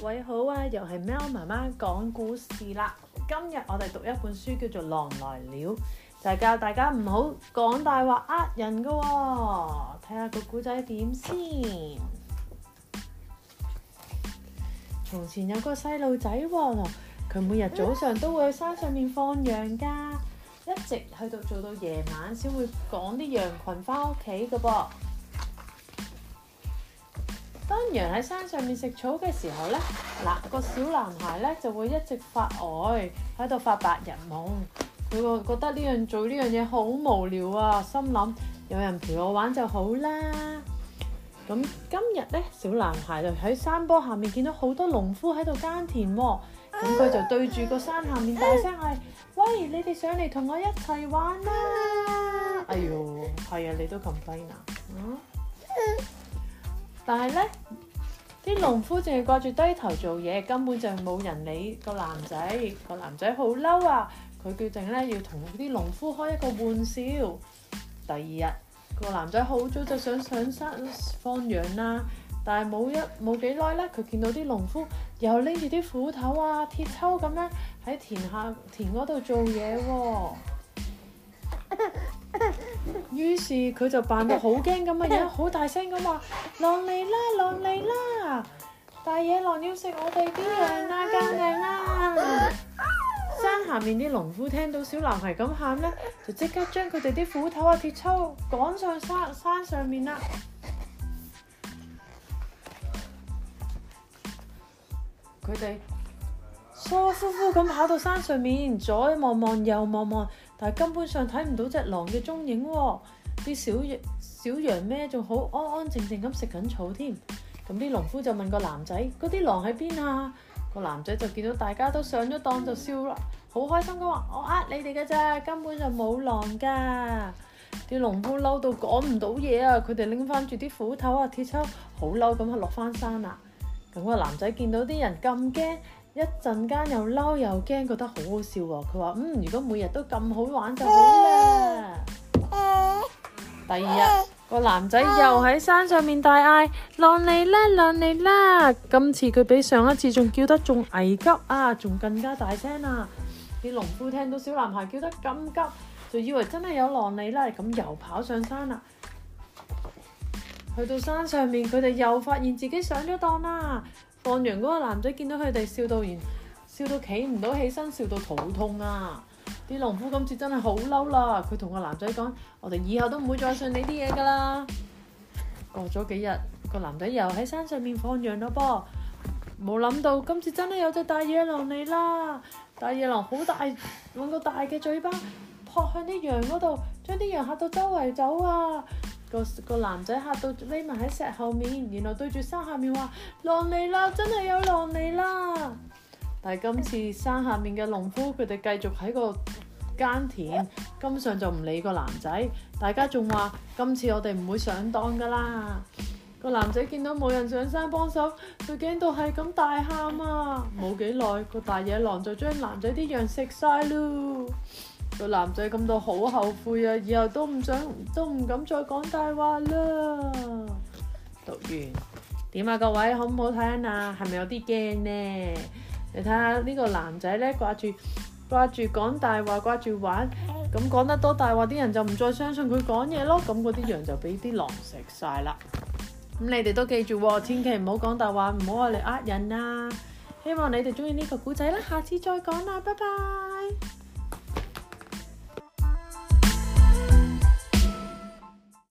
各位好啊，又係喵媽媽講故事啦。今日我哋讀一本書叫做《狼來了》，就係教大家唔好講大話呃人噶喎。睇下個古仔點先。從前有個細路仔喎，佢每日早上都會去山上面放羊噶，一直去到做到夜晚先會趕啲羊群翻屋企噶噃。山羊喺山上面食草嘅時候呢，嗱個小男孩呢就會一直發呆，喺度發白日夢。佢覺得呢樣做呢樣嘢好無聊啊，心諗有人陪我玩就好啦。咁今日呢，小男孩就喺山坡下面見到好多農夫喺度耕田，咁佢就對住個山下面大聲嗌：「喂，你哋上嚟同我一齊玩啦！哎呦，係啊，你都咁低啊？但係咧，啲農夫淨係掛住低頭做嘢，根本就冇人理個男仔。個男仔好嬲啊！佢決定咧要同啲農夫開一個玩笑。第二日，個男仔好早就想上山放羊啦，但係冇一冇幾耐咧，佢見到啲農夫又拎住啲斧頭啊、鐵鍬咁樣喺田下田嗰度做嘢喎、哦。於是佢就扮得好驚咁嘅樣，好大聲咁話：狼嚟啦！狼嚟啦！大野狼要食我哋啲羊啊，救命啊！山下面啲農夫聽到小男孩咁喊呢，就即刻將佢哋啲斧頭啊、鐵鏟趕上山山上面啦。佢哋疏疏忽咁跑到山上面，左望望，右望望。但係根本上睇唔到隻狼嘅蹤影喎。哦，啲小，小羊小羊咩仲好安安靜靜咁食緊草添。咁啲農夫就問男、啊個男仔：嗰啲狼喺邊啊？個男仔就見到大家都上咗當，就笑啦，好開心咁話：我呃你哋㗎咋，根本就冇狼㗎。啲農夫嬲到講唔到嘢啊，佢哋拎翻住啲斧頭啊、鐵鍬，好嬲咁去落翻山啦。咁、個男仔見到啲人咁驚。一陣間又嬲又驚，覺得好好笑喎。佢話：嗯，如果每日都咁好玩就好啦。第二日個男仔又喺山上面大嗌：狼嚟啦，狼嚟啦！今次佢比上一次仲叫得仲危急啊，仲更加大聲啊。啲農夫聽到小男孩叫得咁急，就以為真係有狼嚟啦，咁又跑上山啦。去到山上面，佢哋又發現自己上咗當啦。放羊嗰個男仔見到佢哋笑到完，笑到企唔到起身，笑到肚痛啊！啲農夫今次真係好嬲啦，佢同個男仔講：我哋以後都唔會再信你啲嘢噶啦。過咗幾日，個男仔又喺山上面放羊咯噃，冇諗到今次真係有隻大野狼嚟啦！大野狼好大，搵個大嘅嘴巴撲向啲羊嗰度，將啲羊吓到周圍走啊！個個男仔嚇到匿埋喺石後面，然後對住山下面話：狼嚟啦！真係有狼嚟啦！但係今次山下面嘅農夫佢哋繼續喺個耕田，根本上就唔理個男仔。大家仲話：今次我哋唔會上當噶啦！個男仔見到冇人上山幫手，就驚到係咁大喊啊！冇幾耐，個大野狼就將男仔啲羊食曬咯～個男仔感到好後悔啊，以後都唔想，都唔敢再講大話啦。讀完點啊，各位好唔好聽啊？係咪有啲驚呢？你睇下呢個男仔咧，掛住掛住講大話，掛住玩，咁講得多大話，啲人就唔再相信佢講嘢咯。咁嗰啲羊就俾啲狼食晒啦。咁你哋都記住，哦、千祈唔好講大話，唔好話你呃人啊！希望你哋中意呢個古仔啦，下次再講啦，拜拜。